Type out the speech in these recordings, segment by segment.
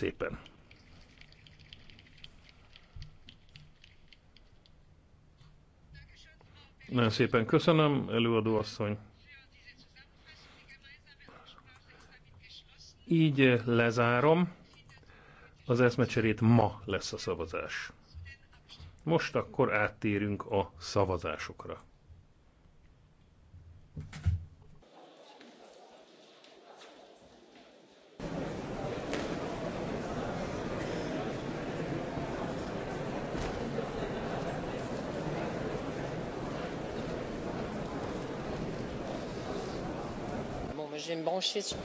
szépen. Nagyon szépen köszönöm, előadó asszony. Így lezárom. Az eszmecserét ma lesz a szavazás. Most akkor áttérünk a szavazásokra. je vais me brancher sur.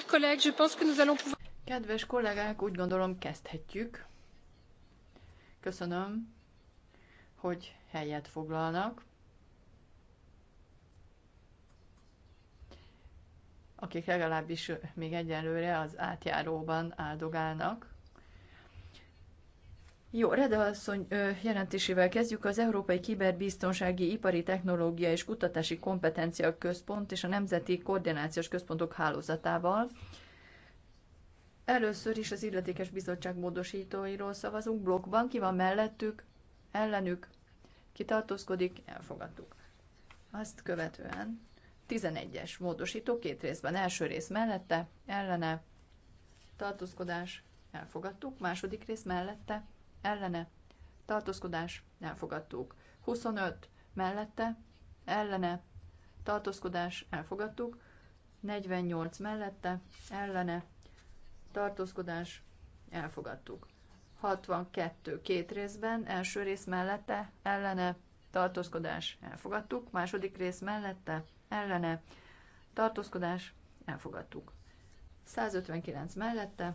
chers collègues, je pense que nous allons pouvoir... Kedves kollégák, úgy gondolom kezdhetjük. Köszönöm, hogy helyet foglalnak. Akik legalábbis még egyelőre az átjáróban áldogálnak. Jó, Reda asszony jelentésével kezdjük. Az Európai Kiberbiztonsági Ipari Technológia és Kutatási Kompetencia Központ és a Nemzeti Koordinációs Központok Hálózatával. Először is az illetékes bizottság módosítóiról szavazunk. Blokkban ki van mellettük, ellenük, ki tartózkodik, elfogadtuk. Azt követően 11-es módosító két részben. Első rész mellette, ellene, tartózkodás, elfogadtuk. Második rész mellette, ellene, tartózkodás, elfogadtuk. 25 mellette, ellene, tartózkodás, elfogadtuk. 48 mellette, ellene, tartózkodás, elfogadtuk. 62 két részben, első rész mellette, ellene, tartózkodás, elfogadtuk. Második rész mellette, ellene, tartózkodás, elfogadtuk. 159 mellette,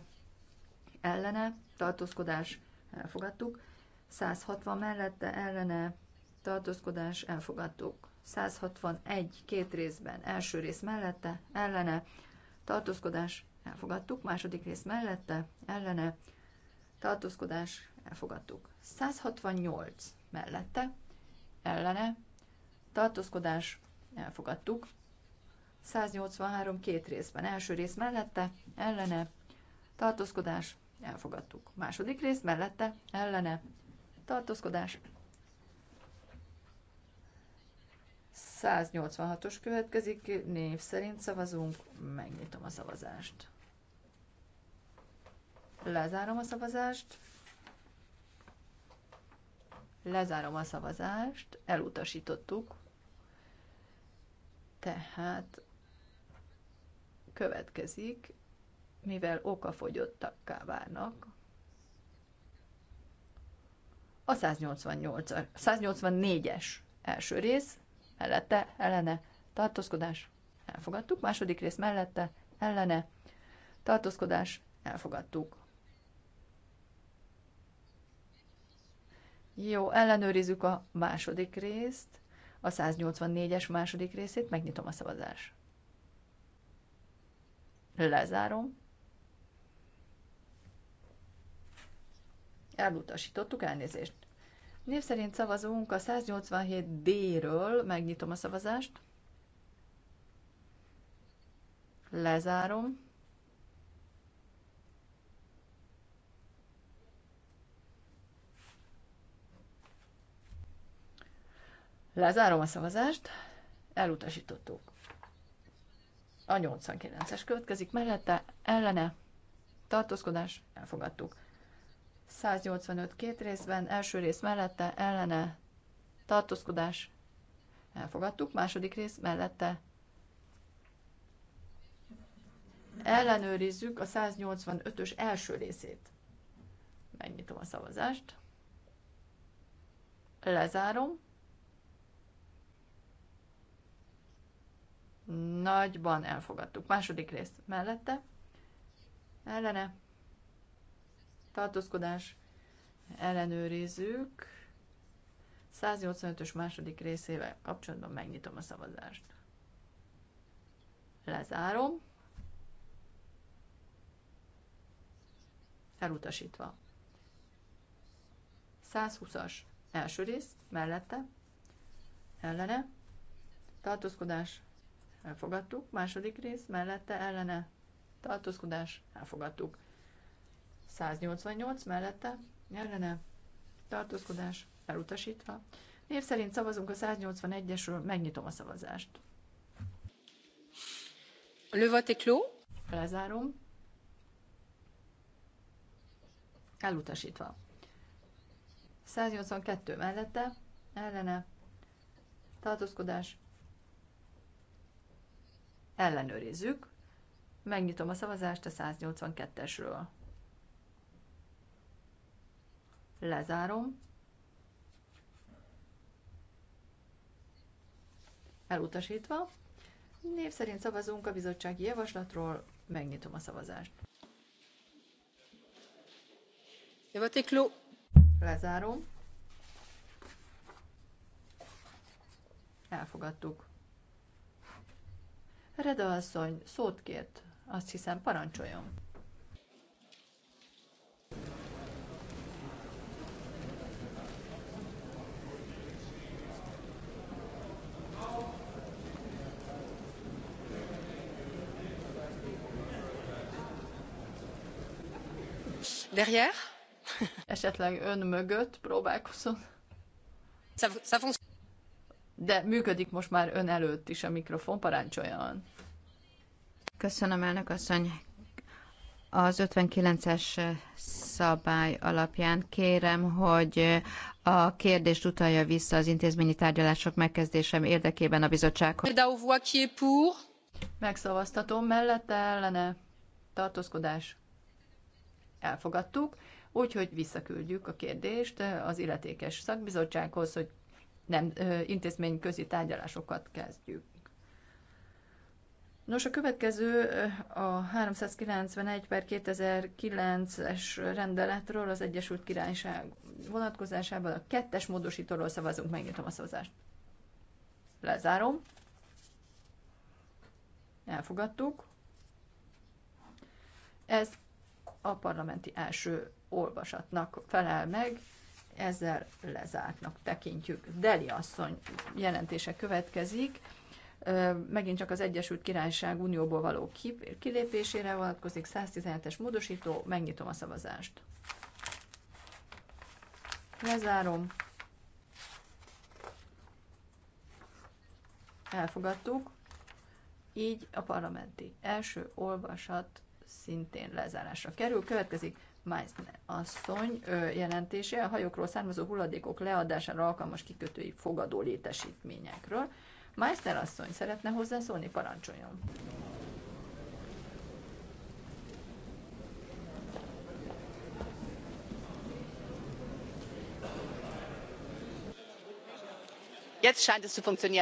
ellene, tartózkodás, elfogadtuk. 160 mellette ellene tartózkodás elfogadtuk. 161 két részben, első rész mellette, ellene, tartózkodás elfogadtuk, második rész mellette, ellene, tartózkodás elfogadtuk. 168 mellette, ellene, tartózkodás elfogadtuk. 183 két részben, első rész mellette, ellene, tartózkodás Elfogadtuk. Második rész mellette, ellene, tartózkodás. 186-os következik, név szerint szavazunk, megnyitom a szavazást. Lezárom a szavazást. Lezárom a szavazást, elutasítottuk. Tehát következik mivel okafogyottakká válnak, a 184-es első rész, mellette, ellene, tartózkodás, elfogadtuk, második rész mellette, ellene, tartózkodás, elfogadtuk. Jó, ellenőrizzük a második részt, a 184-es második részét, megnyitom a szavazást. Lezárom. Elutasítottuk elnézést. Név szerint szavazunk a 187D-ről, megnyitom a szavazást. Lezárom. Lezárom a szavazást, elutasítottuk. A 89-es következik mellette, ellene, tartózkodás, elfogadtuk. 185 két részben, első rész mellette, ellene, tartózkodás, elfogadtuk, második rész mellette. Ellenőrizzük a 185-ös első részét. Megnyitom a szavazást. Lezárom. Nagyban elfogadtuk. Második rész mellette. Ellene tartózkodás ellenőrizzük. 185-ös második részével kapcsolatban megnyitom a szavazást. Lezárom. Elutasítva. 120-as első rész, mellette, ellene, tartózkodás, elfogadtuk, második rész, mellette, ellene, tartózkodás, elfogadtuk. 188 mellette ellene tartózkodás elutasítva. Név szerint szavazunk a 181-esről, megnyitom a szavazást. Le vote clos. Lezárom. Elutasítva. 182 mellette, ellene, tartózkodás, ellenőrizzük. Megnyitom a szavazást a 182-esről. Lezárom. Elutasítva. Név szerint szavazunk a bizottsági javaslatról. Megnyitom a szavazást. Javatékló. Lezárom. Elfogadtuk. Reda asszony szót kért. Azt hiszem, parancsoljon. Derrière? Esetleg ön mögött próbálkozom. De működik most már ön előtt is a mikrofon, parancsoljon. Köszönöm, elnök asszony. Az 59-es szabály alapján kérem, hogy a kérdést utalja vissza az intézményi tárgyalások megkezdésem érdekében a bizottsághoz. Megszavaztatom mellette ellene tartózkodás elfogadtuk, úgyhogy visszaküldjük a kérdést az illetékes szakbizottsághoz, hogy nem intézményközi tárgyalásokat kezdjük. Nos, a következő a 391 per 2009-es rendeletről az Egyesült Királyság vonatkozásában a kettes módosítóról szavazunk, megnyitom a szavazást. Lezárom. Elfogadtuk. Ez a parlamenti első olvasatnak felel meg, ezzel lezártnak tekintjük. Deli asszony jelentése következik, megint csak az Egyesült Királyság Unióból való kilépésére vonatkozik, 117-es módosító, megnyitom a szavazást. Lezárom. Elfogadtuk. Így a parlamenti első olvasat szintén lezárásra kerül. Következik Meissner asszony jelentése a hajókról származó hulladékok leadására alkalmas kikötői fogadó létesítményekről. Meissner asszony szeretne hozzászólni, parancsoljon.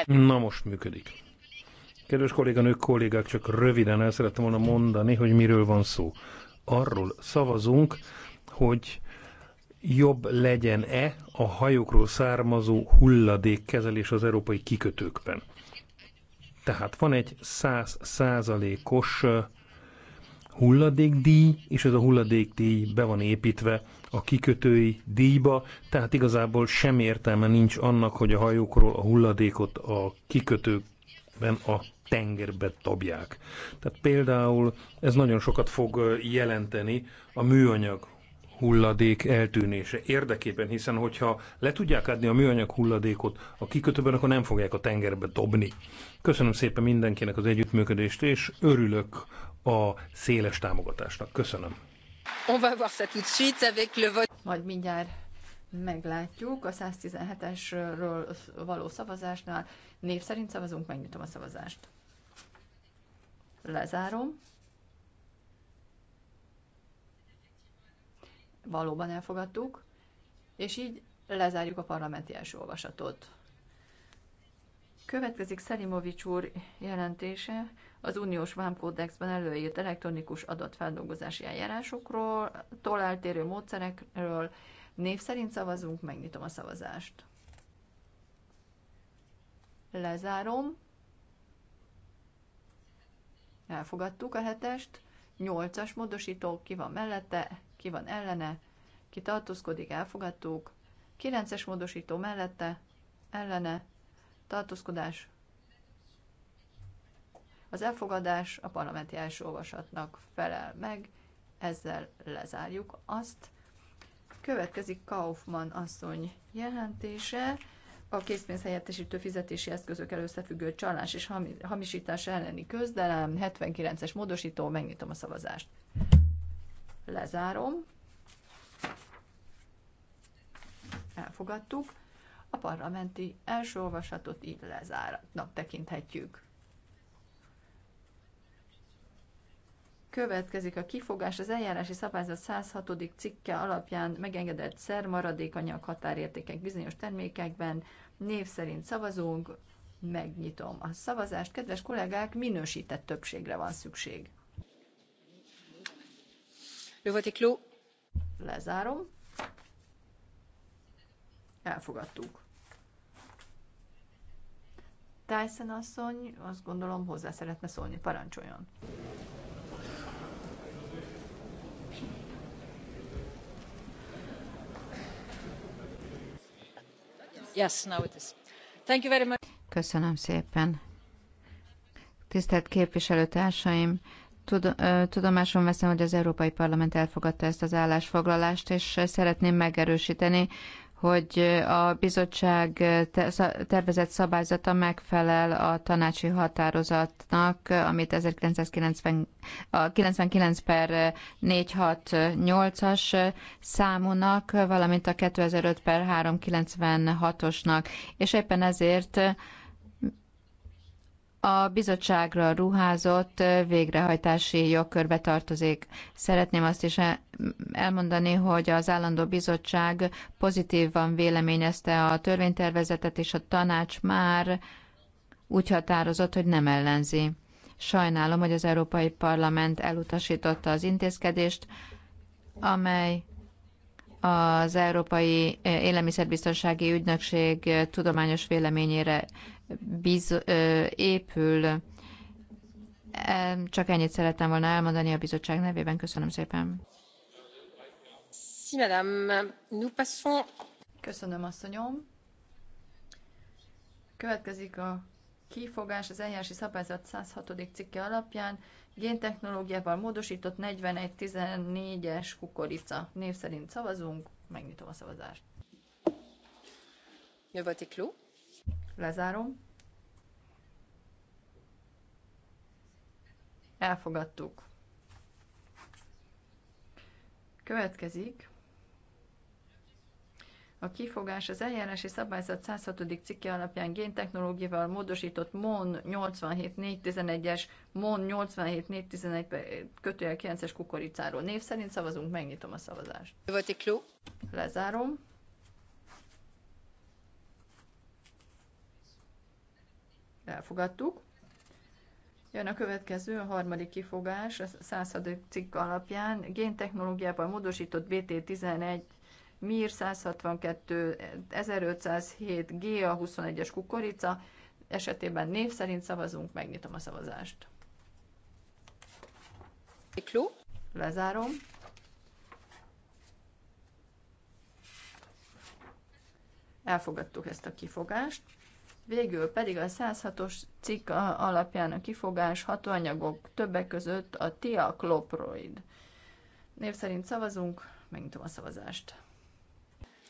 Na most működik. Kedves kolléganők, kollégák, csak röviden el szerettem volna mondani, hogy miről van szó. Arról szavazunk, hogy jobb legyen-e a hajókról származó hulladékkezelés az európai kikötőkben. Tehát van egy 100 százalékos hulladékdíj, és ez a hulladékdíj be van építve a kikötői díjba, tehát igazából sem értelme nincs annak, hogy a hajókról a hulladékot a kikötőkben a tengerbe dobják. Tehát például ez nagyon sokat fog jelenteni a műanyag hulladék eltűnése érdekében, hiszen hogyha le tudják adni a műanyag hulladékot a kikötőben, akkor nem fogják a tengerbe dobni. Köszönöm szépen mindenkinek az együttműködést, és örülök a széles támogatásnak. Köszönöm. On va voir ça tout de suite avec le vote. Majd mindjárt meglátjuk a 117-esről való szavazásnál. Név szerint szavazunk, megnyitom a szavazást. Lezárom. Valóban elfogadtuk, és így lezárjuk a parlamenti első olvasatot. Következik Szelimovics úr jelentése az uniós vámkódexben előírt elektronikus adatfeldolgozási eljárásokról, toláltérő módszerekről. Név szerint szavazunk, megnyitom a szavazást. Lezárom. Elfogadtuk a hetest. Nyolcas módosító, ki van mellette, ki van ellene, ki tartózkodik, elfogadtuk. Kilences módosító mellette, ellene, tartózkodás. Az elfogadás a parlamenti első olvasatnak felel meg, ezzel lezárjuk azt. Következik Kaufmann asszony jelentése a készpénz helyettesítő fizetési eszközökkel összefüggő csalás és hamisítás elleni közdelem, 79-es módosító, megnyitom a szavazást. Lezárom. Elfogadtuk. A parlamenti első olvasatot így lezáratnak tekinthetjük. Következik a kifogás az eljárási szabályzat 106. cikke alapján megengedett szer maradékanyag határértékek bizonyos termékekben. Név szerint szavazunk, megnyitom a szavazást. Kedves kollégák, minősített többségre van szükség. Lezárom. Elfogadtuk. Tyson asszony, azt gondolom hozzá szeretne szólni, parancsoljon. Köszönöm szépen. Tisztelt képviselőtársaim! Tudomásom veszem, hogy az Európai Parlament elfogadta ezt az állásfoglalást, és szeretném megerősíteni, hogy a bizottság tervezett szabályzata megfelel a tanácsi határozatnak, amit 1999 per 468-as számúnak, valamint a 2005 per 396-osnak, és éppen ezért a bizottságra ruházott végrehajtási jogkörbe tartozik. Szeretném azt is elmondani, hogy az állandó bizottság pozitívan véleményezte a törvénytervezetet, és a tanács már úgy határozott, hogy nem ellenzi. Sajnálom, hogy az Európai Parlament elutasította az intézkedést, amely az Európai Élelmiszerbiztonsági Ügynökség tudományos véleményére biz, ö, épül. Csak ennyit szerettem volna elmondani a bizottság nevében. Köszönöm szépen. Köszönöm, asszonyom. Következik a kifogás az eljárási szabályzat 106. cikke alapján géntechnológiával módosított 14 es kukorica. Név szerint szavazunk, megnyitom a szavazást. Le vote Lezárom. Elfogadtuk. Következik a kifogás az eljárási szabályzat 106. cikke alapján géntechnológiával módosított MON 87411-es, MON 87411 kötőjel 9-es kukoricáról. Név szerint szavazunk, megnyitom a szavazást. Lezárom. elfogadtuk. Jön a következő, a harmadik kifogás, a 106. cikk alapján géntechnológiával módosított BT11 MIR 162 1507 GA 21-es kukorica esetében név szerint szavazunk, megnyitom a szavazást. Ciklu. Lezárom. Elfogadtuk ezt a kifogást. Végül pedig a 106-os cikk alapján a kifogás hatóanyagok többek között a tiakloproid. Név szerint szavazunk, megnyitom a szavazást.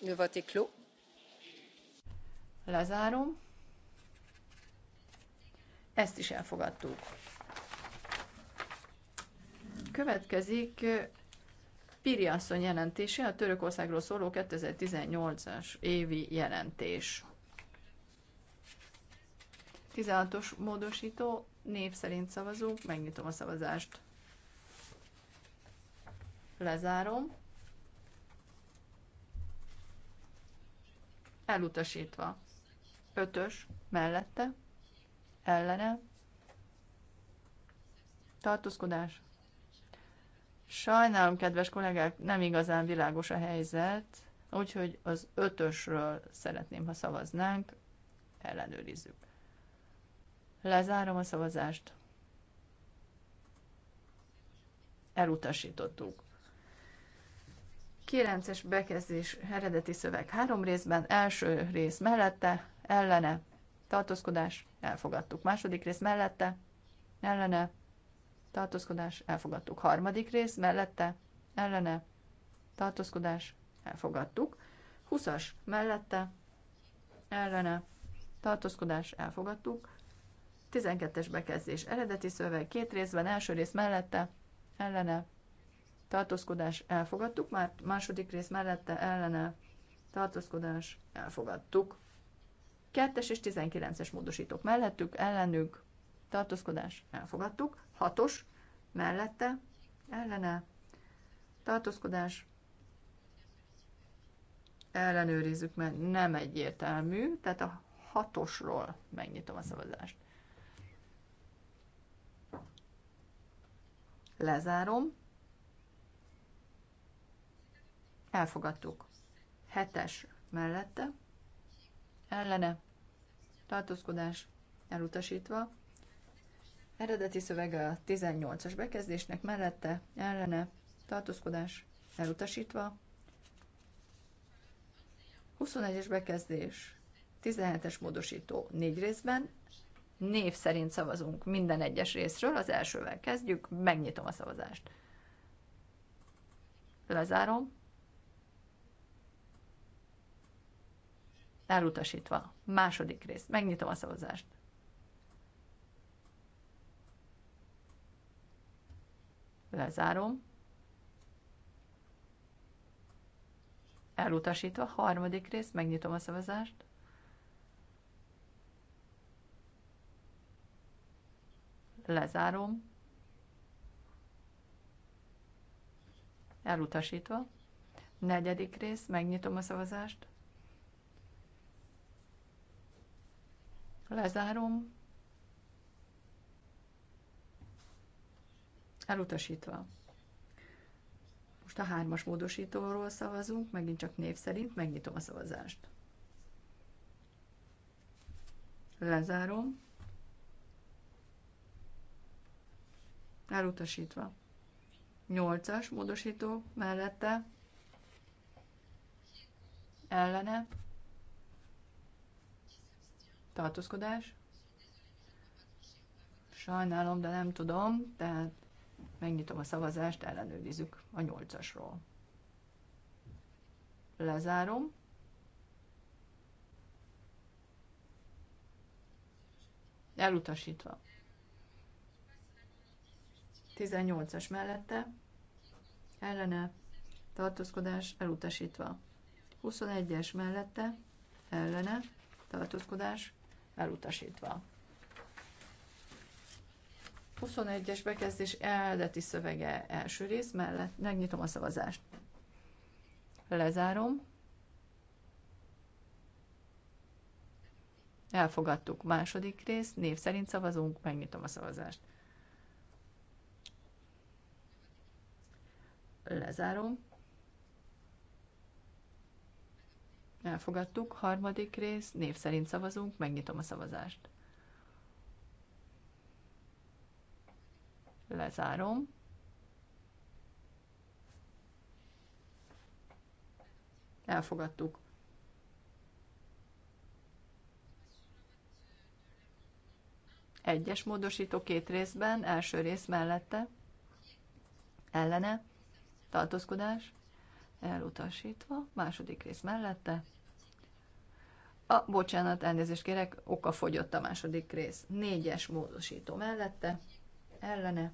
Növatikló. Lezárom. Ezt is elfogadtuk. Következik Piri asszony jelentése, a Törökországról szóló 2018-as évi jelentés. 16-os módosító, név szerint szavazunk, megnyitom a szavazást. Lezárom. Elutasítva. 5-ös mellette, ellene, tartózkodás. Sajnálom, kedves kollégák, nem igazán világos a helyzet, úgyhogy az ötösről szeretném, ha szavaznánk, ellenőrizzük. Lezárom a szavazást. Elutasítottuk. 9-es bekezdés eredeti szöveg három részben, első rész mellette, ellene, tartózkodás, elfogadtuk. Második rész mellette, ellene, tartózkodás, elfogadtuk. Harmadik rész mellette, ellene, tartózkodás, elfogadtuk. 20-as mellette, ellene, tartózkodás, elfogadtuk. 12-es bekezdés eredeti szöveg két részben, első rész mellette, ellene, tartózkodás elfogadtuk, már második rész mellette, ellene, tartózkodás elfogadtuk. Kettes és 19-es módosítók mellettük, ellenük, tartózkodás elfogadtuk. Hatos mellette, ellene, tartózkodás ellenőrizzük, mert nem egyértelmű, tehát a hatosról megnyitom a szavazást. Lezárom. Elfogadtuk. Hetes mellette. Ellene. Tartózkodás elutasítva. Eredeti szövege a 18-as bekezdésnek mellette. Ellene. Tartózkodás elutasítva. 21-es bekezdés. 17-es módosító négy részben név szerint szavazunk minden egyes részről, az elsővel kezdjük, megnyitom a szavazást. Lezárom. Elutasítva. Második rész. Megnyitom a szavazást. Lezárom. Elutasítva. Harmadik rész. Megnyitom a szavazást. lezárom, elutasítva, negyedik rész, megnyitom a szavazást, lezárom, elutasítva. Most a hármas módosítóról szavazunk, megint csak név szerint, megnyitom a szavazást. Lezárom. elutasítva. 8-as módosító mellette, ellene, tartózkodás. Sajnálom, de nem tudom, tehát megnyitom a szavazást, ellenőrizzük a 8-asról. Lezárom. Elutasítva. 18-as mellette ellene tartózkodás elutasítva. 21-es mellette ellene tartózkodás elutasítva. 21-es bekezdés eredeti szövege első rész mellett. Megnyitom a szavazást. Lezárom. Elfogadtuk második rész, név szerint szavazunk, megnyitom a szavazást. Lezárom. Elfogadtuk. Harmadik rész, név szerint szavazunk, megnyitom a szavazást. Lezárom. Elfogadtuk. Egyes módosító két részben, első rész mellette, ellene, tartózkodás, elutasítva, második rész mellette. A, bocsánat, elnézést kérek, oka fogyott a második rész. Négyes módosító mellette, ellene,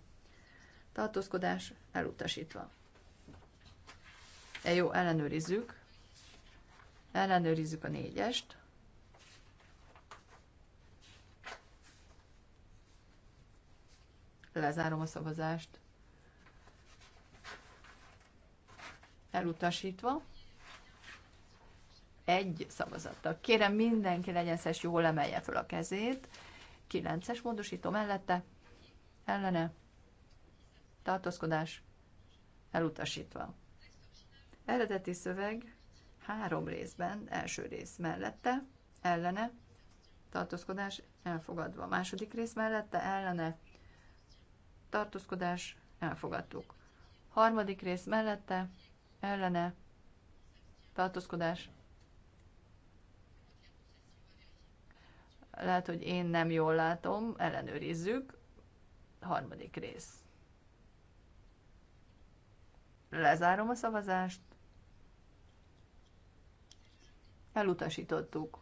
tartózkodás, elutasítva. E jó, ellenőrizzük. Ellenőrizzük a négyest. Lezárom a szavazást. elutasítva. Egy szavazattal. Kérem mindenki legyen szes, jól emelje fel a kezét. Kilences módosító mellette, ellene, tartózkodás, elutasítva. Eredeti szöveg három részben, első rész mellette, ellene, tartózkodás elfogadva. Második rész mellette, ellene, tartózkodás elfogadtuk. Harmadik rész mellette, ellene tartózkodás. Lehet, hogy én nem jól látom, ellenőrizzük. Harmadik rész. Lezárom a szavazást. Elutasítottuk.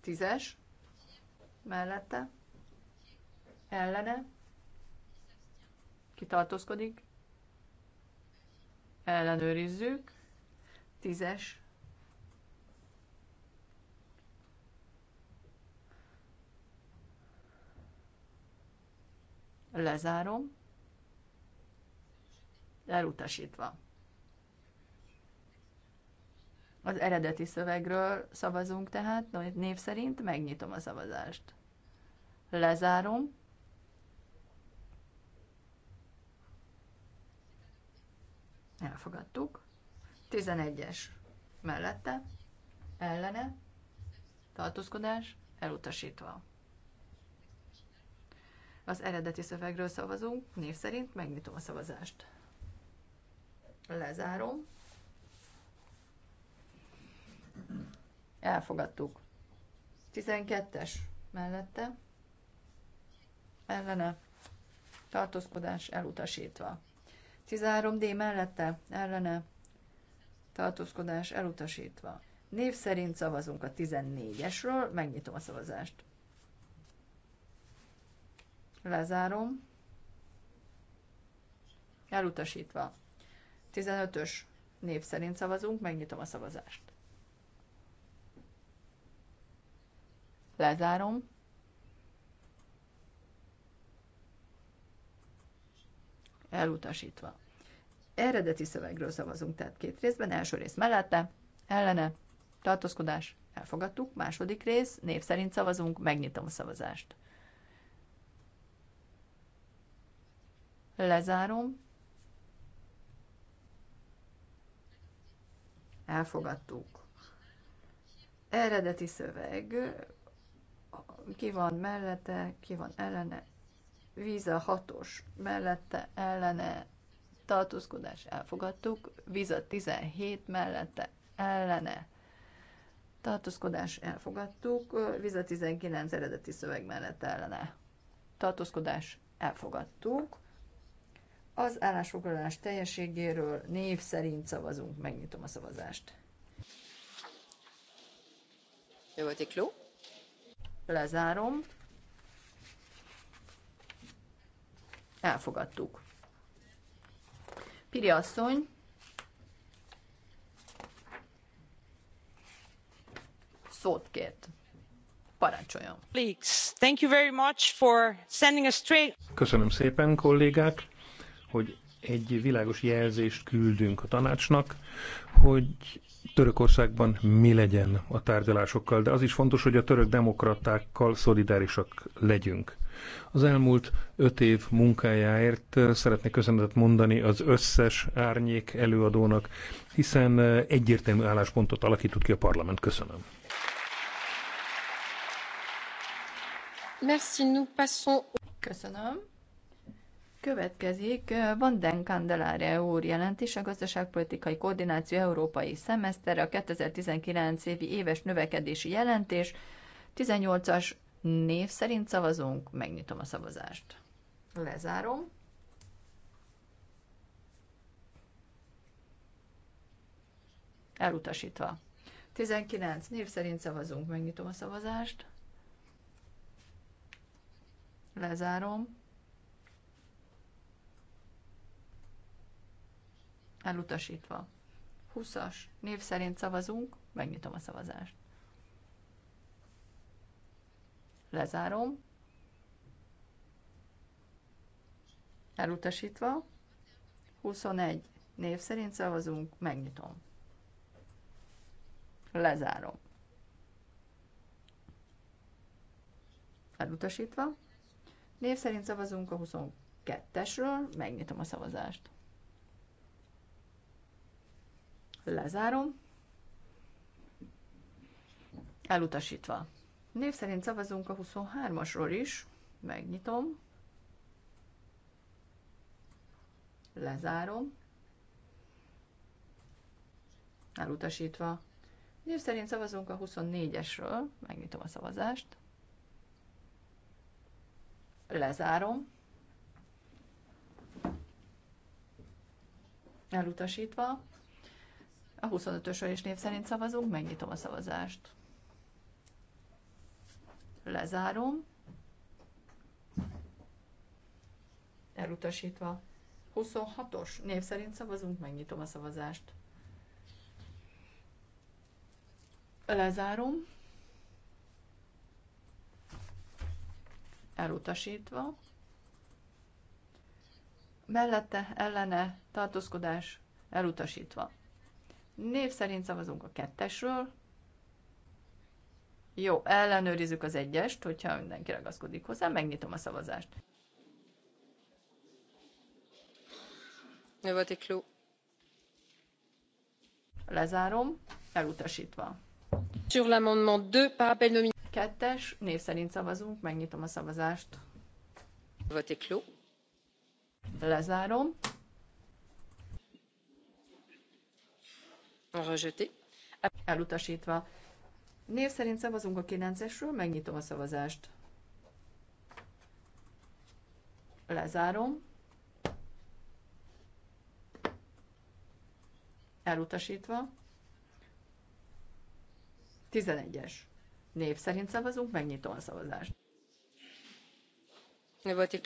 Tízes. Mellette. Ellene. Kitartózkodik ellenőrizzük. Tízes. Lezárom. Elutasítva. Az eredeti szövegről szavazunk tehát, név szerint megnyitom a szavazást. Lezárom. Elfogadtuk. 11-es mellette, ellene, tartózkodás, elutasítva. Az eredeti szövegről szavazunk, név szerint megnyitom a szavazást. Lezárom. Elfogadtuk. 12-es mellette, ellene, tartózkodás elutasítva. 13D mellette ellene tartózkodás elutasítva. Név szerint szavazunk a 14-esről, megnyitom a szavazást. Lezárom. Elutasítva. 15-ös név szerint szavazunk, megnyitom a szavazást. Lezárom. elutasítva. Eredeti szövegről szavazunk, tehát két részben, első rész mellette, ellene, tartózkodás, elfogadtuk, második rész, név szerint szavazunk, megnyitom a szavazást. Lezárom. Elfogadtuk. Eredeti szöveg, ki van mellette, ki van ellene, Víza 6-os mellette ellene tartózkodás elfogadtuk, Víza 17 mellette ellene tartózkodás elfogadtuk, Víza 19 eredeti szöveg mellett ellene tartózkodás elfogadtuk. Az állásfoglalás teljességéről név szerint szavazunk, megnyitom a szavazást. Lezárom. Elfogadtuk. Piri asszony. Szót kért. Parancsoljon. Thank you very much for sending a straight. Köszönöm szépen, kollégák, hogy egy világos jelzést küldünk a tanácsnak, hogy Törökországban mi legyen a tárgyalásokkal, de az is fontos, hogy a török demokratákkal szolidárisak legyünk. Az elmúlt öt év munkájáért szeretnék köszönetet mondani az összes árnyék előadónak, hiszen egyértelmű álláspontot alakított ki a parlament. Köszönöm. Merci, nous passons... Köszönöm. Következik Van den Candelare úr jelentés a gazdaságpolitikai koordináció európai szemeszterre a 2019 évi éves növekedési jelentés, 18-as Név szerint szavazunk, megnyitom a szavazást. Lezárom. Elutasítva. 19. Név szerint szavazunk, megnyitom a szavazást. Lezárom. Elutasítva. 20-as. Név szerint szavazunk, megnyitom a szavazást. Lezárom. Elutasítva. 21. Név szerint szavazunk. Megnyitom. Lezárom. Elutasítva. Név szerint szavazunk a 22-esről. Megnyitom a szavazást. Lezárom. Elutasítva. Név szerint szavazunk a 23-asról is. Megnyitom. Lezárom. Elutasítva. Név szerint szavazunk a 24-esről. Megnyitom a szavazást. Lezárom. Elutasítva. A 25-ösről is név szerint szavazunk. Megnyitom a szavazást. Lezárom. Elutasítva. 26-os név szerint szavazunk, megnyitom a szavazást. Lezárom. Elutasítva. Mellette ellene tartózkodás elutasítva. Név szerint szavazunk a kettesről. Jó, ellenőrizzük az egyest, hogyha mindenki ragaszkodik hozzá, megnyitom a szavazást. egy Lezárom, elutasítva. Sur l'amendement 2, par appel nominal. Kettes, név szerint szavazunk, megnyitom a szavazást. clos. Lezárom. Rejeté. Elutasítva Név szerint szavazunk a 9-esről, megnyitom a szavazást. Lezárom. Elutasítva. 11-es. Név szerint szavazunk, megnyitom a szavazást. Le vote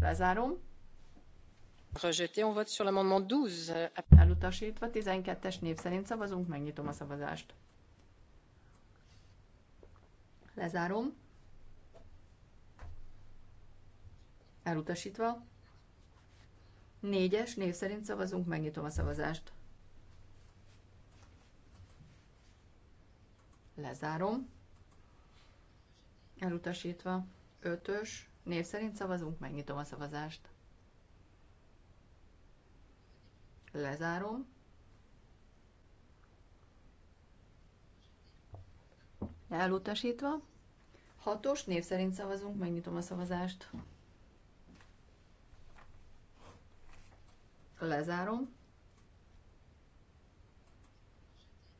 Lezárom. Rejeté, on vote sur l'amendement 12. Elutasítva, 12-es név szerint szavazunk, megnyitom a szavazást lezárom, elutasítva, négyes név szerint szavazunk, megnyitom a szavazást. Lezárom. Elutasítva. Ötös. Név szerint szavazunk, megnyitom a szavazást. Lezárom. elutasítva. Hatos név szerint szavazunk, megnyitom a szavazást. Lezárom.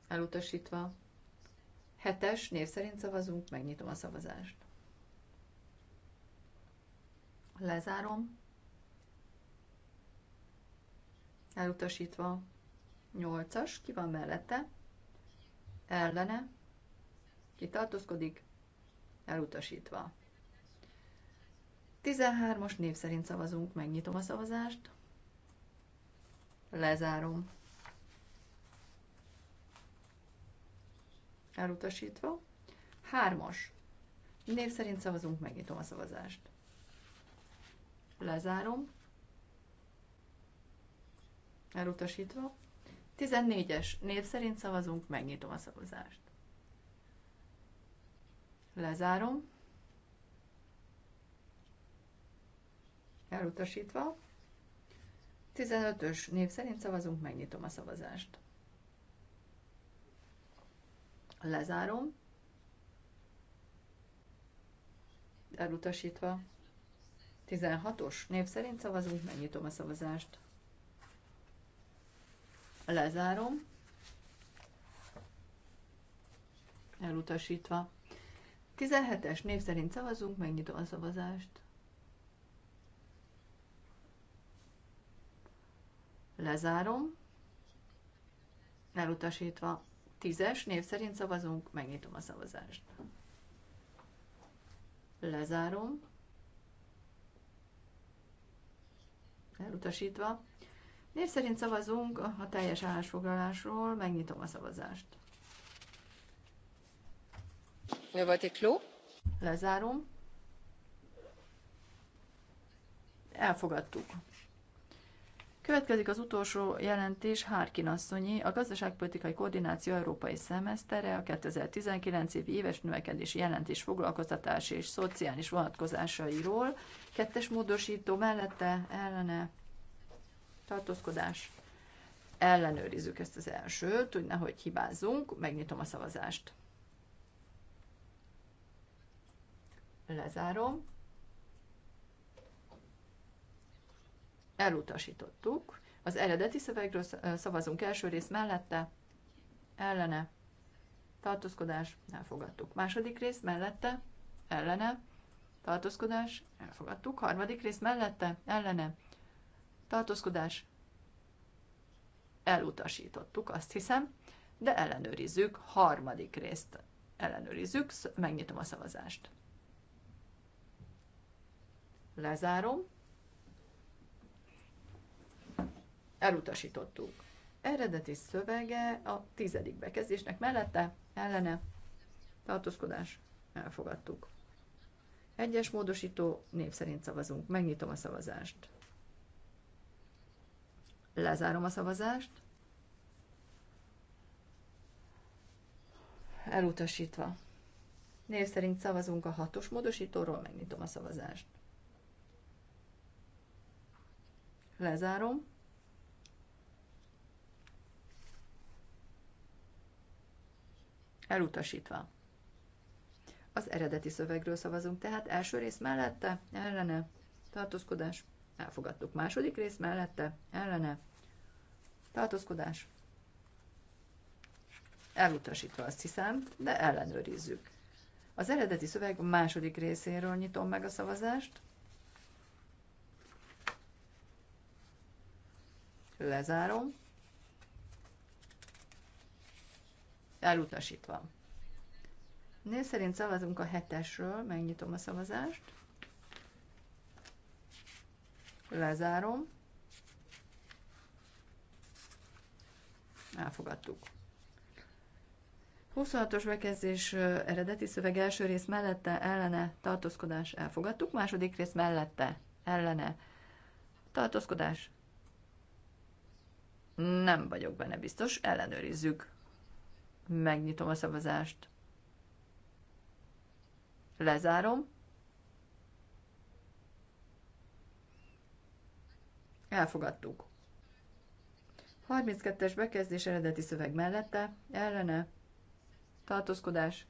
Elutasítva. Hetes név szerint szavazunk, megnyitom a szavazást. Lezárom. Elutasítva. Nyolcas, ki van mellette? Ellene ki tartózkodik, elutasítva. 13 os név szerint szavazunk, megnyitom a szavazást, lezárom, elutasítva. 3-as név szerint szavazunk, megnyitom a szavazást, lezárom, elutasítva. 14-es név szerint szavazunk, megnyitom a szavazást. Lezárom. Elutasítva. 15-ös név szerint szavazunk, megnyitom a szavazást. Lezárom. Elutasítva. 16-os név szerint szavazunk, megnyitom a szavazást. Lezárom. Elutasítva. 17-es név szerint szavazunk, megnyitom a szavazást. Lezárom. Elutasítva. 10-es név szerint szavazunk, megnyitom a szavazást. Lezárom. Elutasítva. Név szerint szavazunk a teljes állásfoglalásról, megnyitom a szavazást. Lezárom. Elfogadtuk. Következik az utolsó jelentés Hárkin asszonyi, a gazdaságpolitikai koordináció európai szemesztere, a 2019 év éves növekedési jelentés foglalkoztatási és szociális vonatkozásairól. Kettes módosító mellette ellene tartózkodás. Ellenőrizzük ezt az elsőt, hogy nehogy hibázzunk, megnyitom a szavazást. Lezárom. Elutasítottuk. Az eredeti szövegről szavazunk első rész mellette, ellene, tartózkodás, elfogadtuk. Második rész mellette, ellene, tartózkodás, elfogadtuk. Harmadik rész mellette, ellene, tartózkodás, elutasítottuk, azt hiszem, de ellenőrizzük, harmadik részt ellenőrizzük, megnyitom a szavazást. Lezárom. Elutasítottuk. Eredeti szövege a tizedik bekezdésnek mellette, ellene, tartózkodás, elfogadtuk. Egyes módosító név szerint szavazunk. Megnyitom a szavazást. Lezárom a szavazást. Elutasítva. Név szerint szavazunk a hatos módosítóról, megnyitom a szavazást. Lezárom. Elutasítva. Az eredeti szövegről szavazunk, tehát első rész mellette, ellene, tartózkodás, elfogadtuk. Második rész mellette, ellene, tartózkodás, elutasítva azt hiszem, de ellenőrizzük. Az eredeti szöveg második részéről nyitom meg a szavazást. Lezárom. Elutasítva. Név szerint szavazunk a hetesről, megnyitom a szavazást. Lezárom. Elfogadtuk. 26-os bekezdés eredeti szöveg első rész mellette ellene tartózkodás elfogadtuk, második rész mellette ellene tartózkodás nem vagyok benne biztos, ellenőrizzük. Megnyitom a szavazást. Lezárom. Elfogadtuk. 32-es bekezdés eredeti szöveg mellette, ellene, tartózkodás.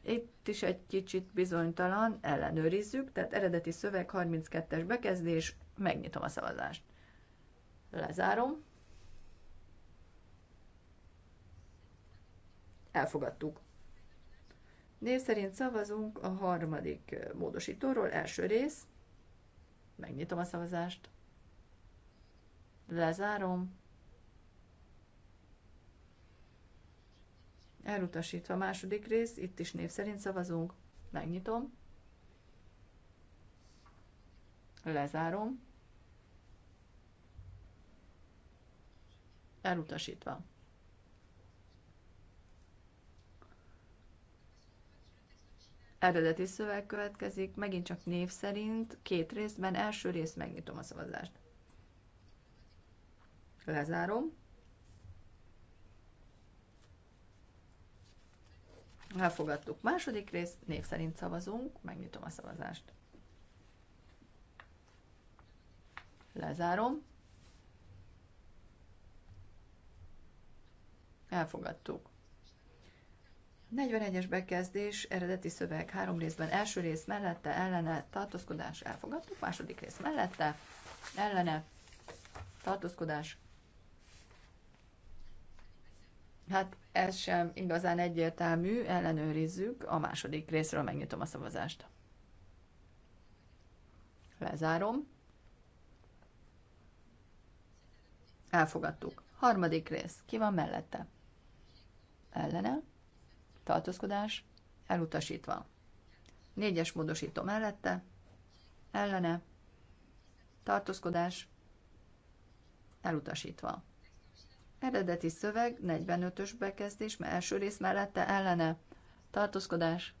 Itt is egy kicsit bizonytalan, ellenőrizzük, tehát eredeti szöveg 32-es bekezdés, megnyitom a szavazást. Lezárom. Elfogadtuk. Név szerint szavazunk a harmadik módosítóról, első rész. Megnyitom a szavazást. Lezárom. Elutasítva a második rész, itt is név szerint szavazunk. Megnyitom. Lezárom. elutasítva. Eredeti szöveg következik, megint csak név szerint, két részben, első rész megnyitom a szavazást. Lezárom. Elfogadtuk. Második rész, név szerint szavazunk, megnyitom a szavazást. Lezárom. Elfogadtuk. 41-es bekezdés, eredeti szöveg három részben, első rész mellette, ellene, tartózkodás, elfogadtuk, második rész mellette, ellene, tartózkodás. Hát ez sem igazán egyértelmű, ellenőrizzük, a második részről megnyitom a szavazást. Lezárom. Elfogadtuk. Harmadik rész. Ki van mellette? ellene, tartózkodás, elutasítva. Négyes módosító mellette, ellene, tartózkodás, elutasítva. Eredeti szöveg, 45-ös bekezdés, első rész mellette, ellene, tartózkodás,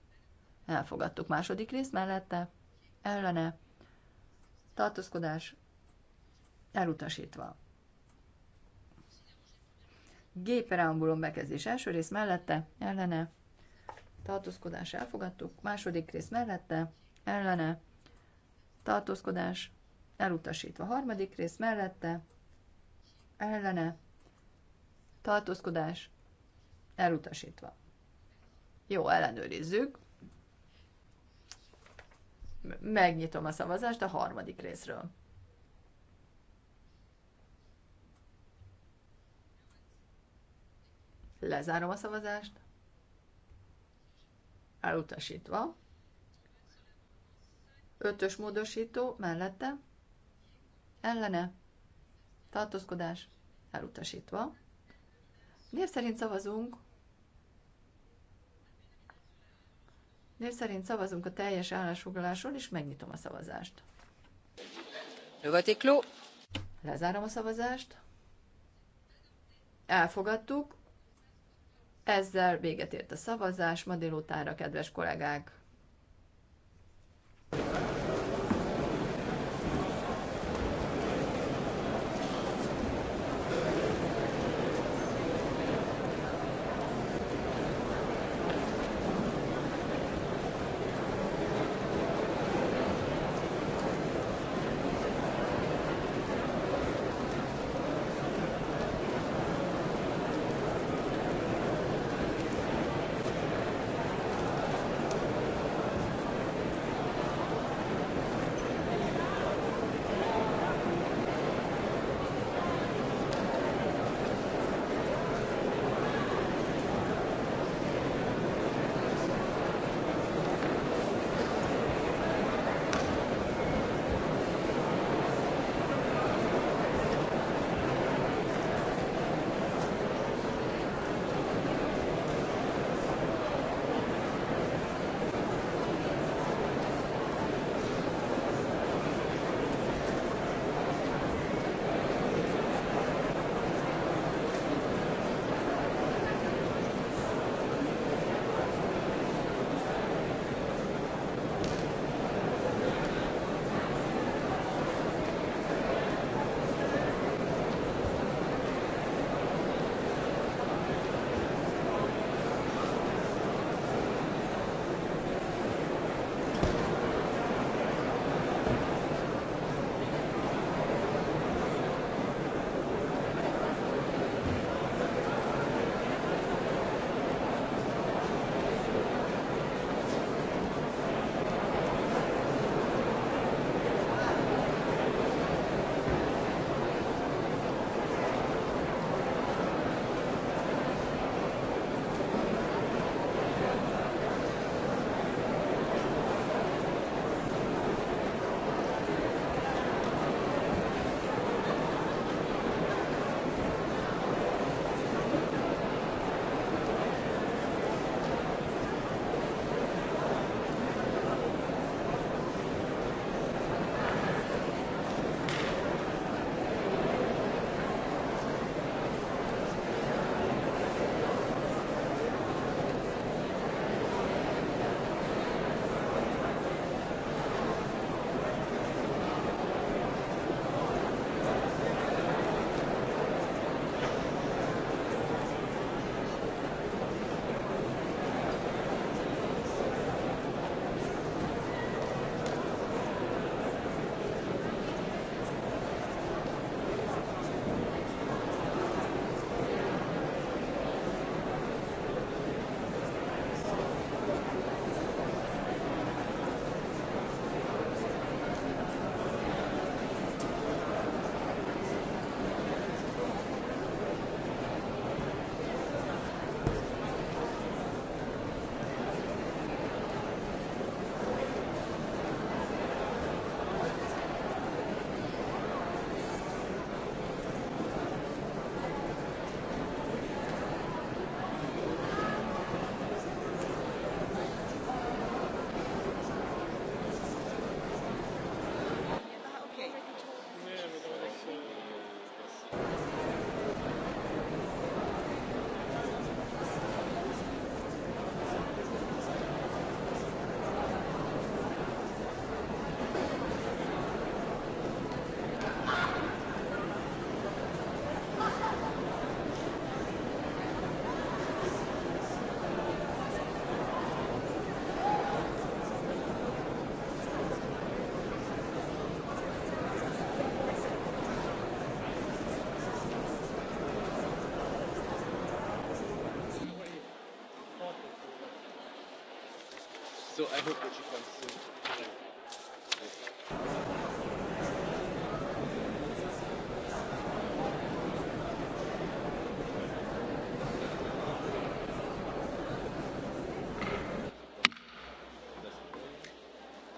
elfogadtuk. Második rész mellette, ellene, tartózkodás, elutasítva. G preambulum bekezdés első rész mellette, ellene, tartózkodás elfogadtuk, második rész mellette, ellene, tartózkodás elutasítva, harmadik rész mellette, ellene, tartózkodás elutasítva. Jó, ellenőrizzük. Megnyitom a szavazást a harmadik részről. Lezárom a szavazást. Elutasítva. Ötös módosító mellette. Ellene. Tartózkodás. Elutasítva. Név szerint szavazunk. Név szerint szavazunk a teljes állásfoglalásról, és megnyitom a szavazást. Lezárom a szavazást. Elfogadtuk. Ezzel véget ért a szavazás ma délutánra, kedves kollégák!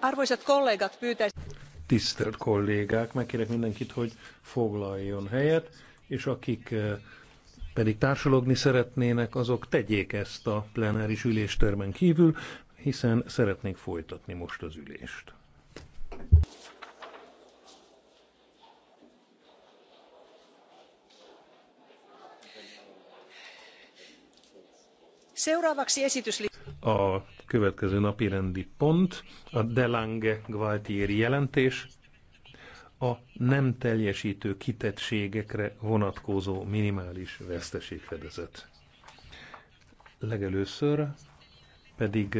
Arvoisat kollégat, pyytäisin... Tisztelt kollégák, megkérek mindenkit, hogy foglaljon helyet, és akik eh, pedig társalogni szeretnének, azok tegyék ezt a plenáris üléstermen kívül, hiszen szeretnénk folytatni most az ülést. A következő napi rendi pont a Delange Gualtieri jelentés, a nem teljesítő kitettségekre vonatkozó minimális veszteségfedezet. Legelőször pedig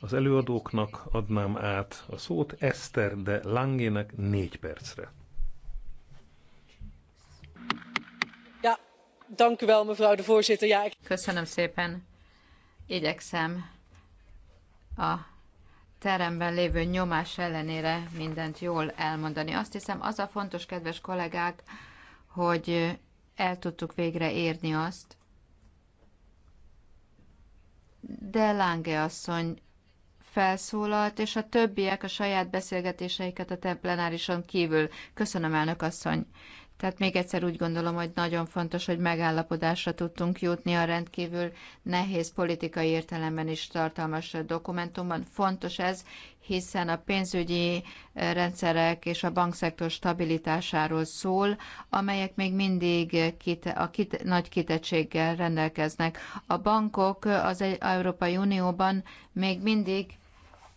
az előadóknak adnám át a szót Eszter de Langének négy percre. Ja, dank u wel, mevrouw de voorzitter. Ja, ik... Köszönöm szépen. Igyekszem a teremben lévő nyomás ellenére mindent jól elmondani. Azt hiszem, az a fontos, kedves kollégák, hogy el tudtuk végre érni azt, de Lange asszony felszólalt, és a többiek a saját beszélgetéseiket a plenárison kívül. Köszönöm, elnök asszony. Tehát még egyszer úgy gondolom, hogy nagyon fontos, hogy megállapodásra tudtunk jutni a rendkívül nehéz politikai értelemben is tartalmas dokumentumban. Fontos ez, hiszen a pénzügyi eh, rendszerek és a bankszektor stabilitásáról szól, amelyek még mindig kite, a kite, nagy kitettséggel rendelkeznek. A bankok az Európai Unióban még mindig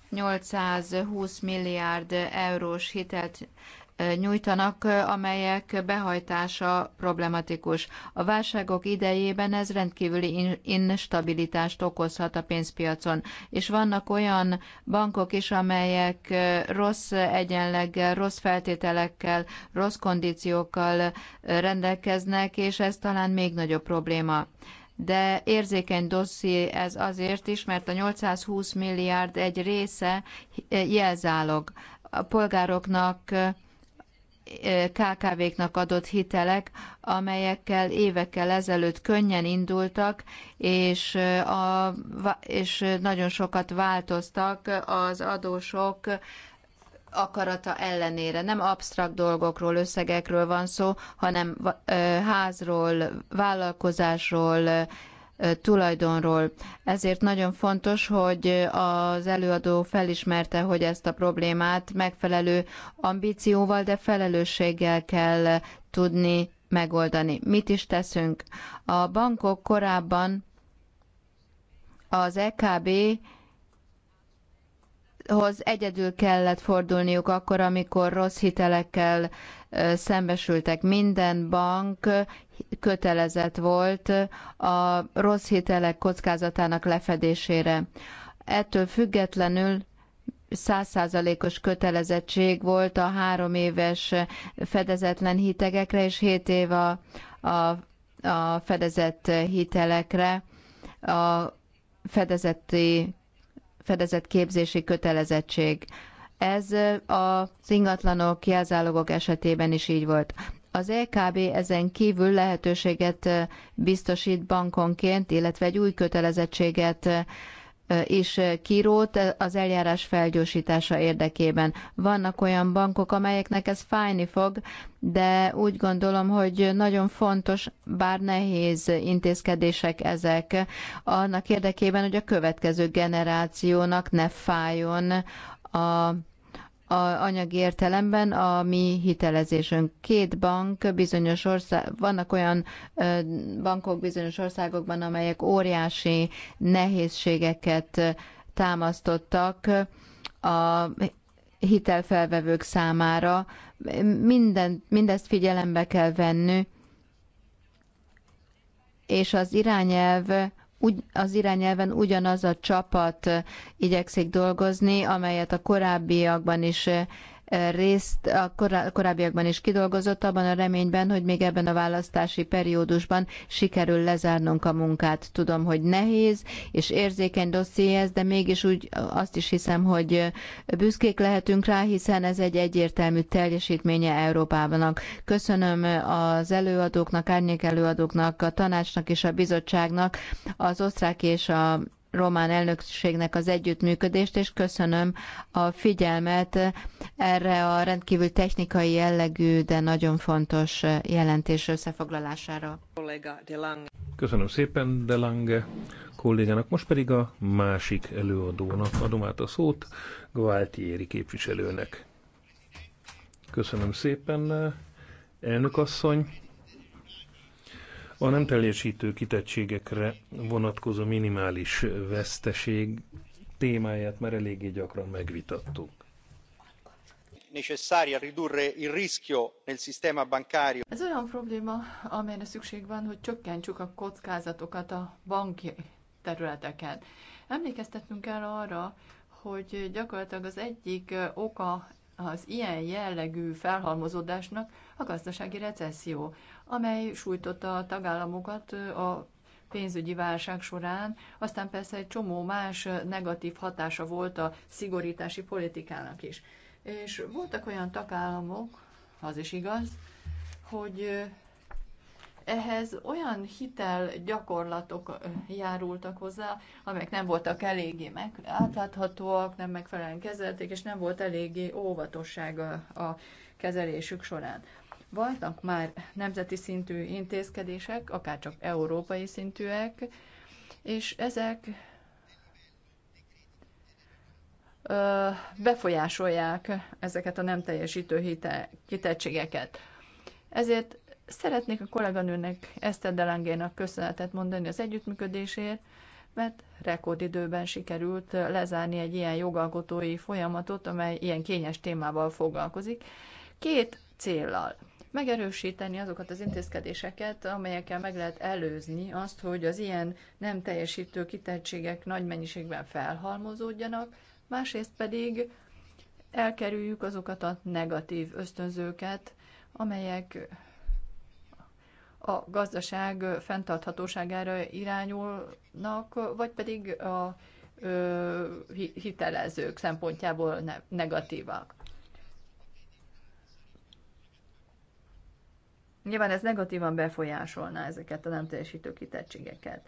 820 milliárd eurós hitelt nyújtanak, amelyek behajtása problematikus. A válságok idejében ez rendkívüli instabilitást okozhat a pénzpiacon, és vannak olyan bankok is, amelyek rossz egyenleggel, rossz feltételekkel, rossz kondíciókkal rendelkeznek, és ez talán még nagyobb probléma de érzékeny dosszié ez azért is, mert a 820 milliárd egy része jelzálog. A polgároknak KKV-knak adott hitelek, amelyekkel évekkel ezelőtt könnyen indultak, és, a, és nagyon sokat változtak az adósok akarata ellenére. Nem absztrakt dolgokról, összegekről van szó, hanem házról, vállalkozásról, tulajdonról. Ezért nagyon fontos, hogy az előadó felismerte, hogy ezt a problémát megfelelő ambícióval, de felelősséggel kell tudni megoldani. Mit is teszünk? A bankok korábban az EKB hoz egyedül kellett fordulniuk akkor, amikor rossz hitelekkel szembesültek. Minden bank kötelezett volt a rossz hitelek kockázatának lefedésére. Ettől függetlenül százszázalékos kötelezettség volt a három éves fedezetlen hitegekre és hét év a, a, a fedezett hitelekre, a fedezeti, fedezett képzési kötelezettség. Ez az ingatlanok, jelzálogok esetében is így volt. Az EKB ezen kívül lehetőséget biztosít bankonként, illetve egy új kötelezettséget és kirót az eljárás felgyorsítása érdekében. Vannak olyan bankok, amelyeknek ez fájni fog, de úgy gondolom, hogy nagyon fontos, bár nehéz intézkedések ezek, annak érdekében, hogy a következő generációnak ne fájjon a a anyagi értelemben a mi hitelezésünk. Két bank bizonyos ország, vannak olyan bankok bizonyos országokban, amelyek óriási nehézségeket támasztottak a hitelfelvevők számára. Minden, mindezt figyelembe kell venni, és az irányelv az irányelven ugyanaz a csapat igyekszik dolgozni, amelyet a korábbiakban is részt a korábbiakban is kidolgozott, abban a reményben, hogy még ebben a választási periódusban sikerül lezárnunk a munkát. Tudom, hogy nehéz és érzékeny dosszié ez, de mégis úgy azt is hiszem, hogy büszkék lehetünk rá, hiszen ez egy egyértelmű teljesítménye Európának. Köszönöm az előadóknak, árnyék előadóknak, a tanácsnak és a bizottságnak, az osztrák és a román elnökségnek az együttműködést, és köszönöm a figyelmet erre a rendkívül technikai jellegű, de nagyon fontos jelentés összefoglalására. Köszönöm szépen De Lange kollégának. Most pedig a másik előadónak adom át a szót, Gváltieri képviselőnek. Köszönöm szépen, elnök asszony. A nem teljesítő kitettségekre vonatkozó minimális veszteség témáját már eléggé gyakran megvitattuk. Ez olyan probléma, amelyre szükség van, hogy csökkentsük a kockázatokat a banki területeken. Emlékeztetnünk kell arra, hogy gyakorlatilag az egyik oka az ilyen jellegű felhalmozódásnak a gazdasági recesszió amely sújtotta a tagállamokat a pénzügyi válság során, aztán persze egy csomó más negatív hatása volt a szigorítási politikának is. És voltak olyan tagállamok, az is igaz, hogy ehhez olyan hitel gyakorlatok járultak hozzá, amelyek nem voltak eléggé meg, átláthatóak, nem megfelelően kezelték, és nem volt eléggé óvatosság a, a kezelésük során. Vannak már nemzeti szintű intézkedések, csak európai szintűek, és ezek befolyásolják ezeket a nem teljesítő hite, kitettségeket. Ezért szeretnék a kolléganőnek Eszter Delangénak köszönetet mondani az együttműködésért, mert rekordidőben sikerült lezárni egy ilyen jogalkotói folyamatot, amely ilyen kényes témával foglalkozik. Két céllal. Megerősíteni azokat az intézkedéseket, amelyekkel meg lehet előzni azt, hogy az ilyen nem teljesítő kitettségek nagy mennyiségben felhalmozódjanak, másrészt pedig elkerüljük azokat a negatív ösztönzőket, amelyek a gazdaság fenntarthatóságára irányulnak, vagy pedig a ö, hitelezők szempontjából negatívak. Nyilván ez negatívan befolyásolná ezeket a nem teljesítő kitettségeket.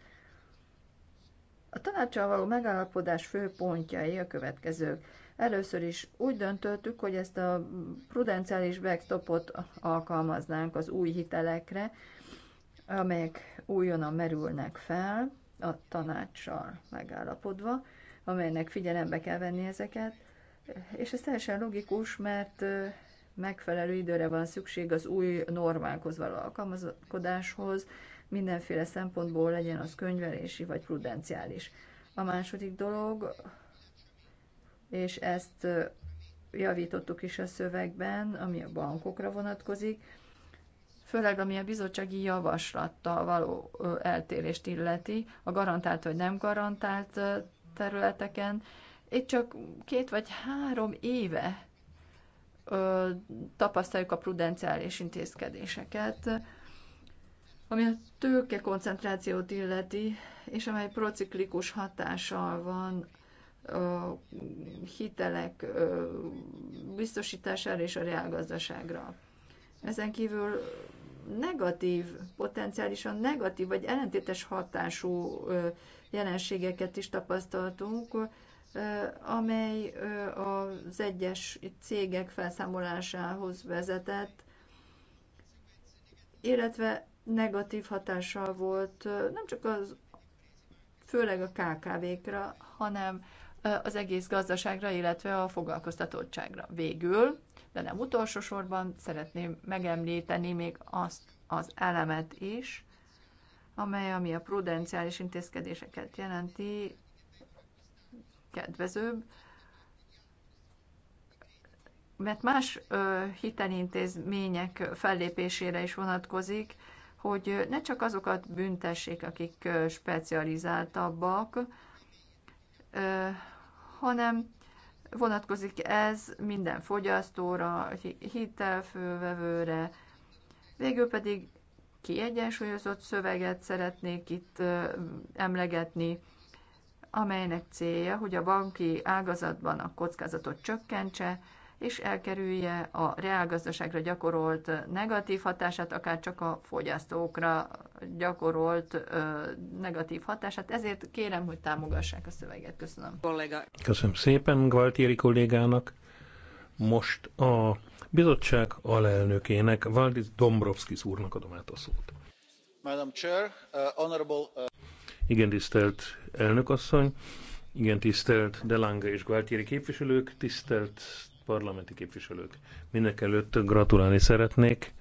A tanácsal való megállapodás fő pontjai a következők. Először is úgy döntöttük, hogy ezt a prudenciális backstopot alkalmaznánk az új hitelekre, amelyek újonnan merülnek fel a tanácssal megállapodva, amelynek figyelembe kell venni ezeket. És ez teljesen logikus, mert megfelelő időre van szükség az új normákhoz való alkalmazkodáshoz, mindenféle szempontból legyen az könyvelési vagy prudenciális. A második dolog, és ezt javítottuk is a szövegben, ami a bankokra vonatkozik, főleg ami a bizottsági javaslatta, való eltérést illeti, a garantált vagy nem garantált területeken. Itt csak két vagy három éve tapasztaljuk a prudenciális intézkedéseket, ami a tőke koncentrációt illeti, és amely prociklikus hatással van a hitelek biztosítására és a reálgazdaságra. Ezen kívül negatív, potenciálisan negatív vagy ellentétes hatású jelenségeket is tapasztaltunk, amely az egyes cégek felszámolásához vezetett, illetve negatív hatással volt nem csak az, főleg a KKV-kra, hanem az egész gazdaságra, illetve a foglalkoztatottságra. Végül, de nem utolsó sorban szeretném megemlíteni még azt az elemet is, amely ami a prudenciális intézkedéseket jelenti, kedvezőbb, mert más hitelintézmények fellépésére is vonatkozik, hogy ne csak azokat büntessék, akik specializáltabbak, hanem vonatkozik ez minden fogyasztóra, hitelfővevőre. Végül pedig kiegyensúlyozott szöveget szeretnék itt emlegetni, amelynek célja, hogy a banki ágazatban a kockázatot csökkentse, és elkerülje a reálgazdaságra gyakorolt negatív hatását, akár csak a fogyasztókra gyakorolt ö, negatív hatását. Ezért kérem, hogy támogassák a szöveget. Köszönöm. Köszönöm szépen Gvaltieri kollégának. Most a bizottság alelnökének, Valdis Dombrovskis úrnak adom át a szót. Madam Chair, uh, honorable, uh... Igen, tisztelt elnökasszony, igen, tisztelt Delanga és Gualtieri képviselők, tisztelt parlamenti képviselők. Mindenek előtt gratulálni szeretnék,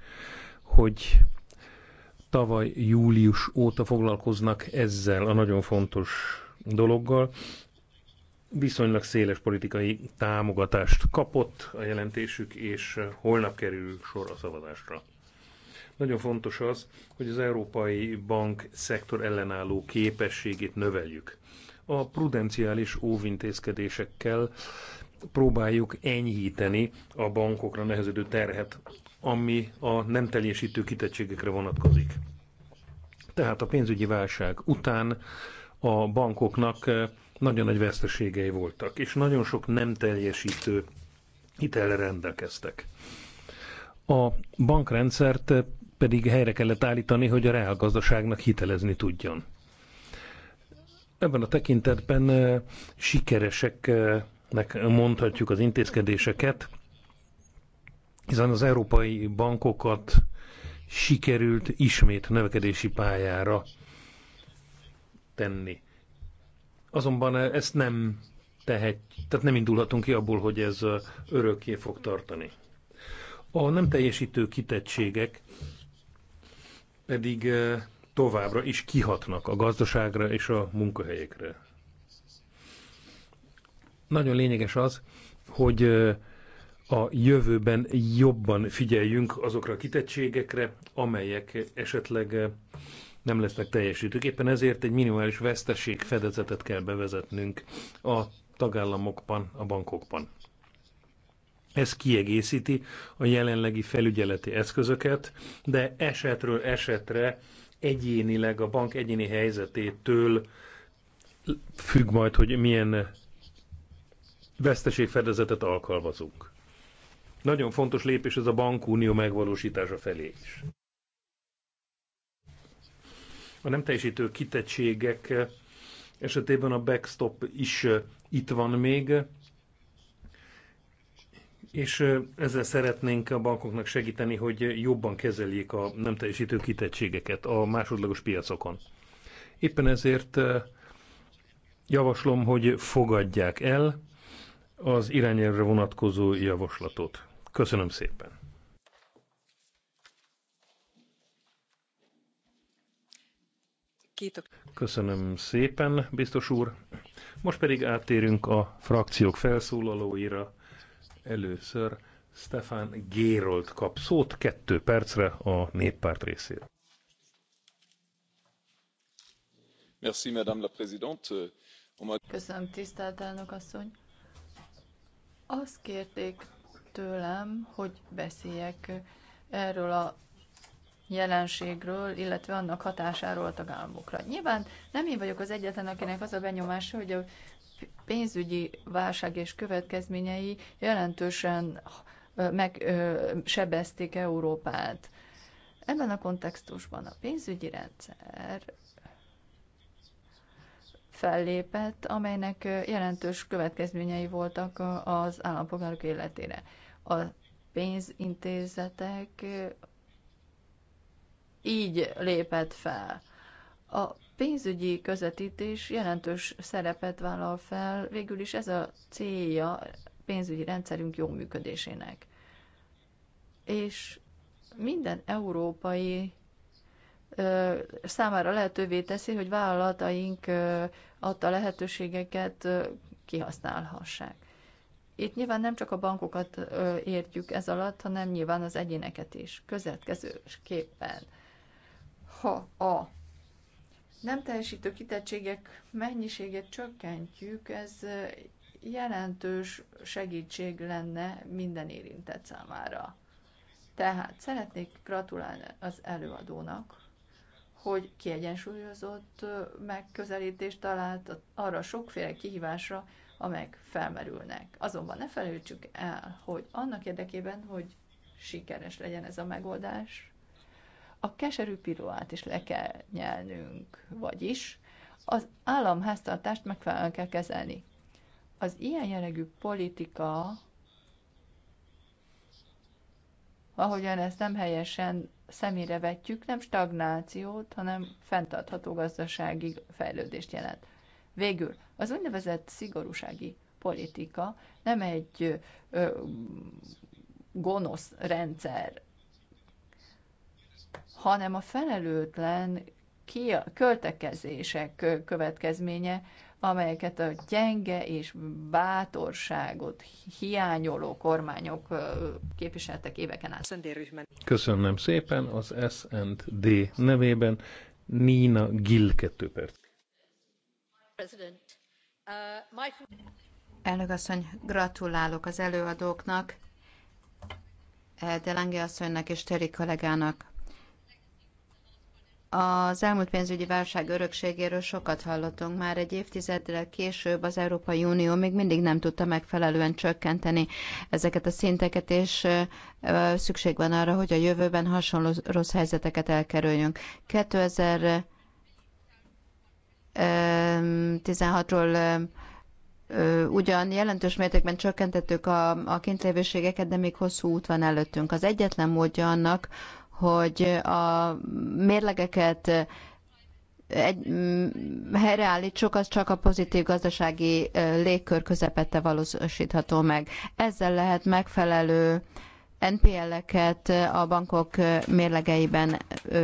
hogy tavaly július óta foglalkoznak ezzel a nagyon fontos dologgal. Viszonylag széles politikai támogatást kapott a jelentésük, és holnap kerül sor a szavazásra. Nagyon fontos az, hogy az európai bank szektor ellenálló képességét növeljük. A prudenciális óvintézkedésekkel próbáljuk enyhíteni a bankokra nehezedő terhet, ami a nem teljesítő kitettségekre vonatkozik. Tehát a pénzügyi válság után a bankoknak eh, nagyon nagy veszteségei voltak, és nagyon sok nem teljesítő hitelre rendelkeztek. A bankrendszert eh, pedig helyre kellett állítani, hogy a reálgazdaságnak hitelezni tudjon. Ebben a tekintetben sikereseknek mondhatjuk az intézkedéseket, hiszen az európai bankokat sikerült ismét növekedési pályára tenni. Azonban ezt nem tehet, tehát nem indulhatunk ki abból, hogy ez örökké fog tartani. A nem teljesítő kitettségek pedig továbbra is kihatnak a gazdaságra és a munkahelyekre. Nagyon lényeges az, hogy a jövőben jobban figyeljünk azokra a kitettségekre, amelyek esetleg nem lesznek teljesítők. Éppen ezért egy minimális veszteség fedezetet kell bevezetnünk a tagállamokban, a bankokban. Ez kiegészíti a jelenlegi felügyeleti eszközöket, de esetről esetre egyénileg a bank egyéni helyzetétől függ majd, hogy milyen veszteségfedezetet alkalmazunk. Nagyon fontos lépés ez a bankunió megvalósítása felé is. A nem teljesítő kitettségek esetében a backstop is eh, itt van még, és ezzel szeretnénk a bankoknak segíteni, hogy jobban kezeljék a nem teljesítő kitettségeket a másodlagos piacokon. Éppen ezért javaslom, hogy fogadják el az irányelvre vonatkozó javaslatot. Köszönöm szépen! Köszönöm szépen, biztos úr. Most pedig áttérünk a frakciók felszólalóira. Először Stefan Gérold kap szót kettő percre a néppárt részére. Merci, Madame la Présidente. Köszönöm, tisztelt elnök asszony. Azt kérték tőlem, hogy beszéljek erről a jelenségről, illetve annak hatásáról a tagállamokra. Nyilván nem én vagyok az egyetlen, akinek az a benyomása, hogy a pénzügyi válság és következményei jelentősen megsebezték Európát. Ebben a kontextusban a pénzügyi rendszer fellépett, amelynek jelentős következményei voltak az állampolgárok életére. A pénzintézetek így lépett fel. A pénzügyi közvetítés jelentős szerepet vállal fel, végül is ez a célja pénzügyi rendszerünk jó működésének. És minden európai ö, számára lehetővé teszi, hogy vállalataink ö, adta lehetőségeket ö, kihasználhassák. Itt nyilván nem csak a bankokat ö, értjük ez alatt, hanem nyilván az egyéneket is. Következőképpen, ha a nem teljesítő kitettségek mennyiségét csökkentjük, ez jelentős segítség lenne minden érintett számára. Tehát szeretnék gratulálni az előadónak, hogy kiegyensúlyozott megközelítést talált arra sokféle kihívásra, amelyek felmerülnek. Azonban ne felejtsük el, hogy annak érdekében, hogy sikeres legyen ez a megoldás, a keserű piruát is le kell nyelnünk, vagyis az államháztartást megfelelően kell kezelni. Az ilyen jellegű politika, ahogyan ezt nem helyesen szemére vetjük, nem stagnációt, hanem fenntartható gazdasági fejlődést jelent. Végül, az úgynevezett szigorúsági politika nem egy ö, gonosz rendszer hanem a felelőtlen költekezések következménye, amelyeket a gyenge és bátorságot hiányoló kormányok képviseltek éveken át. Köszönöm szépen az S&D nevében Nina Gill 2 perc. Elnök asszony, gratulálok az előadóknak, Delange asszonynak és Teri kollégának. Az elmúlt pénzügyi válság örökségéről sokat hallottunk már. Egy évtizeddel később az Európai Unió még mindig nem tudta megfelelően csökkenteni ezeket a szinteket, és szükség van arra, hogy a jövőben hasonló rossz helyzeteket elkerüljünk. 2016 ról ugyan jelentős mértékben csökkentettük a, a kintlévőségeket, de még hosszú út van előttünk. Az egyetlen módja annak, hogy a mérlegeket egy, mm, helyreállítsuk, az csak a pozitív gazdasági légkör közepette valósítható meg. Ezzel lehet megfelelő NPL-eket a bankok mérlegeiben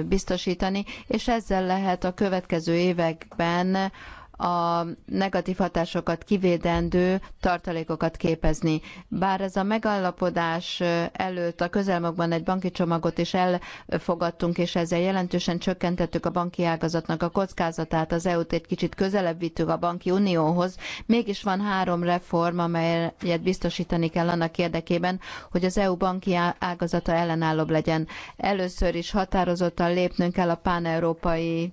biztosítani, és ezzel lehet a következő években a negatív hatásokat kivédendő tartalékokat képezni. Bár ez a megállapodás előtt a közelmagban egy banki csomagot is elfogadtunk, és ezzel jelentősen csökkentettük a banki ágazatnak a kockázatát, az EU-t egy kicsit közelebb vittük a banki unióhoz, mégis van három reform, amelyet biztosítani kell annak érdekében, hogy az EU banki ágazata ellenállóbb legyen. Először is határozottan lépnünk kell a páneurópai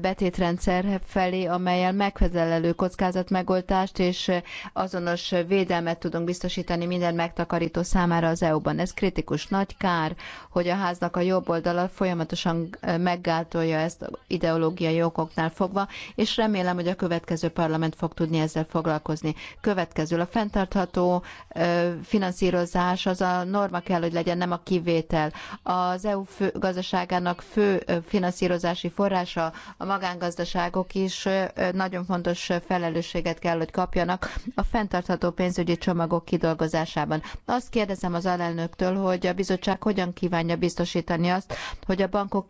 betétrendszer felé, amelyel megfelelő kockázatmegoldást és azonos védelmet tudunk biztosítani minden megtakarító számára az EU-ban. Ez kritikus nagy kár, hogy a háznak a jobb oldala folyamatosan meggátolja ezt ideológiai okoknál fogva, és remélem, hogy a következő parlament fog tudni ezzel foglalkozni. Következő a fenntartható finanszírozás az a norma kell, hogy legyen, nem a kivétel. Az EU fő, gazdaságának fő finanszírozási forrása a magángazdaságok is nagyon fontos felelősséget kell, hogy kapjanak a fenntartható pénzügyi csomagok kidolgozásában. Azt kérdezem az alelnöktől, hogy a bizottság hogyan kívánja biztosítani azt, hogy a bankok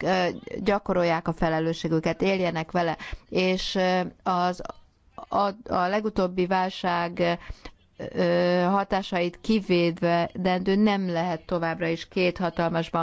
gyakorolják a felelősségüket, éljenek vele, és az a, a legutóbbi válság hatásait kivédve, de nem lehet továbbra is két hatalmas bank